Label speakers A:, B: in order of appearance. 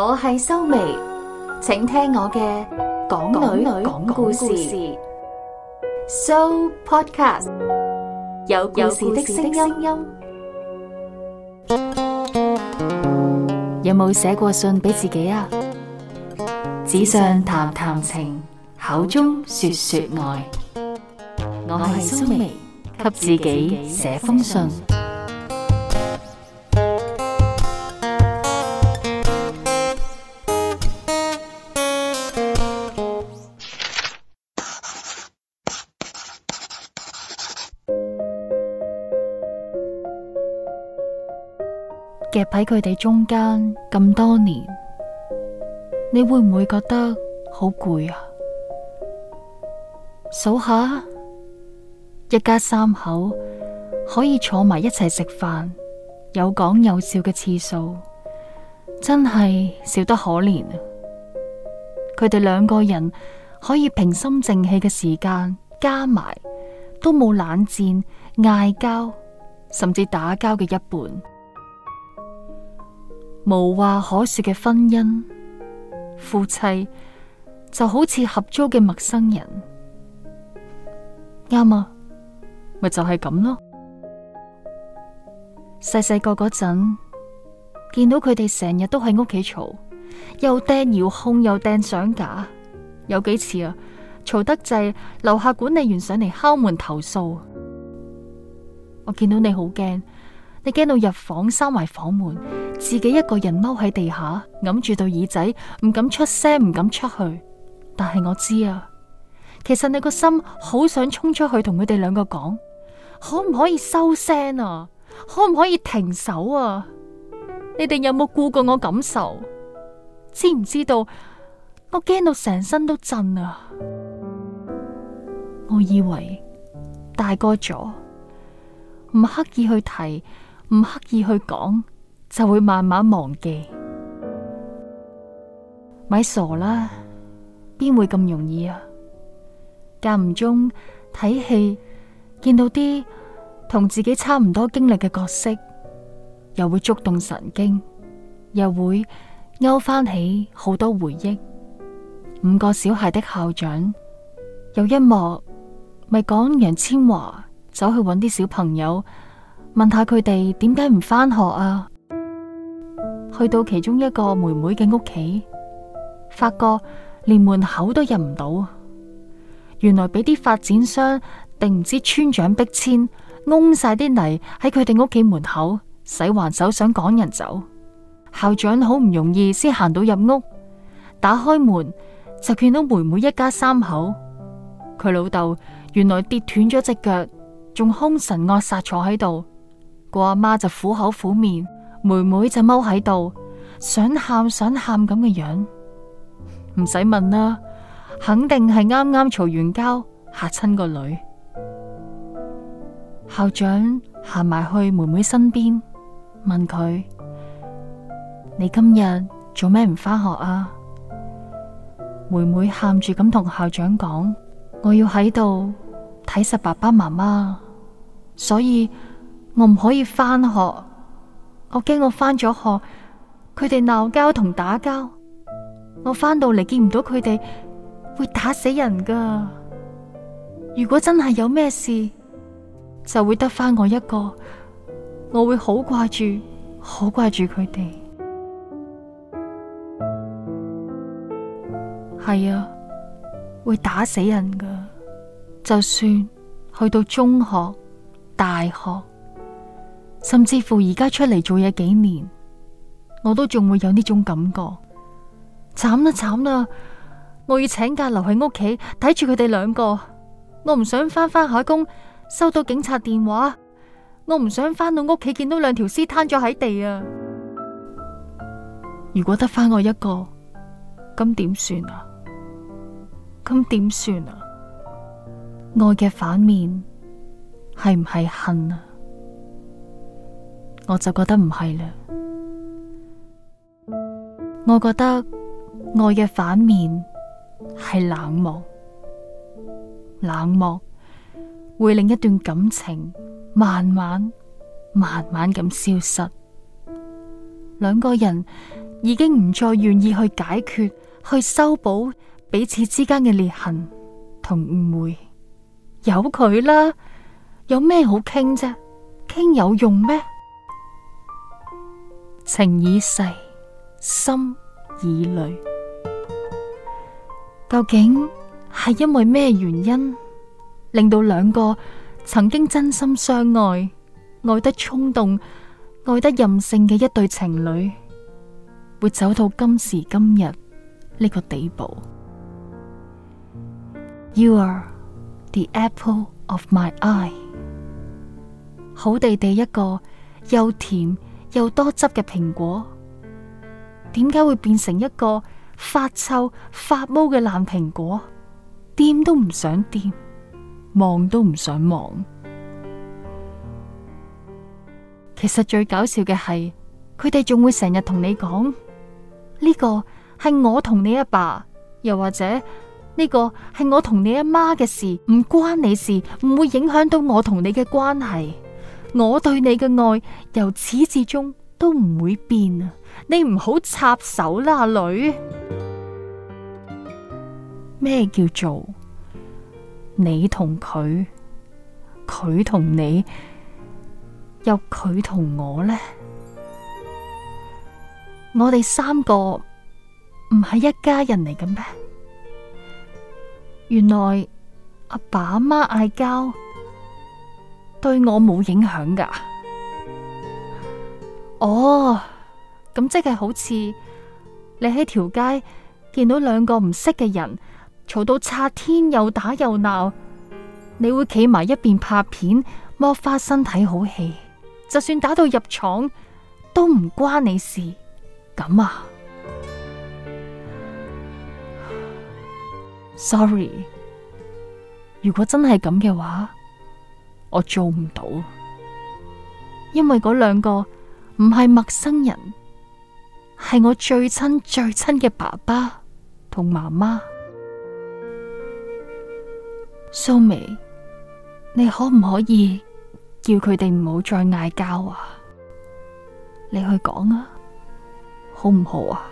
A: 我係修眉，請聽我嘅講女女講故事，So Podcast 有故事的聲音。有冇寫過信俾自己啊？紙上談談情，口中說說愛。我係修眉，給自己寫封信。夾喺佢哋中間咁多年，你會唔會覺得好攰啊？數下，一家三口可以坐埋一齊食飯、有講有笑嘅次數，真係少得可憐啊！佢哋兩個人可以平心靜氣嘅時間，加埋都冇冷戰、嗌交，甚至打交嘅一半。無話可說嘅婚姻，夫妻就好似合租嘅陌生人，啱啊吧，咪就係咁咯。細細個嗰陣見到佢哋成日都喺屋企嘈，又掟遙控又掟相架，有幾次啊嘈得滯，樓下管理員上嚟敲門投訴，我見到你好驚。你驚到入房閂埋房門，自己一個人踎喺地下，揞住對耳仔，唔敢出聲，唔敢出去。但係我知啊，其實你個心好想衝出去同佢哋兩個講，可唔可以收聲啊？可唔可以停手啊？你哋有冇顧過我感受？知唔知道我驚到成身都震啊？我以為大個咗，唔刻意去提。唔刻意去講，就會慢慢忘記。咪傻啦，邊會咁容易啊？間唔中睇戲，見到啲同自己差唔多經歷嘅角色，又會觸動神經，又會勾翻起好多回憶。五個小孩的校長，有一幕咪講楊千嬅走去搵啲小朋友。問下佢哋點解唔返學啊？去到其中一個妹妹嘅屋企，發覺連門口都入唔到，原來俾啲發展商定唔知村長逼遷，㧬晒啲泥喺佢哋屋企門口，使橫手想趕人走。校長好唔容易先行到入屋，打開門就見到妹妹一家三口，佢老豆原來跌斷咗隻腳，仲兇神惡煞坐喺度。個阿媽就苦口苦面，妹妹就踎喺度，想喊想喊咁嘅樣，唔 使問啦，肯定係啱啱嘈完交，嚇親個女。校長行埋去妹妹身邊，問佢，你今日做咩唔返學啊？妹妹喊住咁同校長講，我要喺度睇實爸爸媽媽，所以，我唔可以返學，我驚我返咗學，佢哋鬧交同打交，我返到嚟，見唔到佢哋，會打死人噶。如果真係有咩事，就會得返我一個，我會好掛住，好掛住佢哋。係啊，會打死人噶，就算去到中學、大學。甚至乎而家出嚟做嘢幾年，我都仲會有呢種感覺。慘啦慘啦！我要請假留喺屋企睇住佢哋兩個。我唔想翻返下工收到警察電話，我唔想翻到屋企見到兩條屍攤咗喺地啊！如果得翻我一個，咁點算啊？咁點算啊？愛嘅反面係唔係恨啊？我就覺得唔係啦，我覺得愛嘅反面係冷漠，冷漠會令一段感情慢慢慢慢咁消失。兩個人已經唔再願意去解決，去修補彼此之間嘅裂痕同誤會，由佢啦，有咩好傾啫？傾有用咩？情已逝，心已累。究竟係因為咩原因，令到兩個曾經真心相愛、愛得衝動、愛得任性嘅一對情侶，會走到今時今日呢個地步？You are the apple of my eye，好地地一個又甜，又多汁嘅蘋果，點解會變成一個發臭、發毛嘅爛蘋果？掂都唔想掂，望都唔想望。其實最搞笑嘅係，佢哋仲會成日同你講：呢個係我同你阿爸，又或者呢個係我同你阿媽嘅事，唔關你事，唔會影響到我同你嘅關係。我對你嘅愛由始至終都唔會變啊！你唔好插手啦，女。咩叫做你同佢，佢同你，又佢同我呢？我哋三個唔係一家人嚟嘅咩？原來阿爸阿媽嗌交。對我冇影響噶，哦、oh，咁即係好似你喺條街見到兩個唔識嘅人嘈到拆天，又打又鬧，你會企埋一邊拍片，剝花身體好戲，就算打到入廠都唔關你事，咁啊？Sorry，如果真係咁嘅話。我做唔到，因為嗰兩個唔係陌生人，係我最親最親嘅爸爸同媽媽。蘇眉，你可唔可以叫佢哋唔好再嗌交啊？你去講啊，好唔好啊？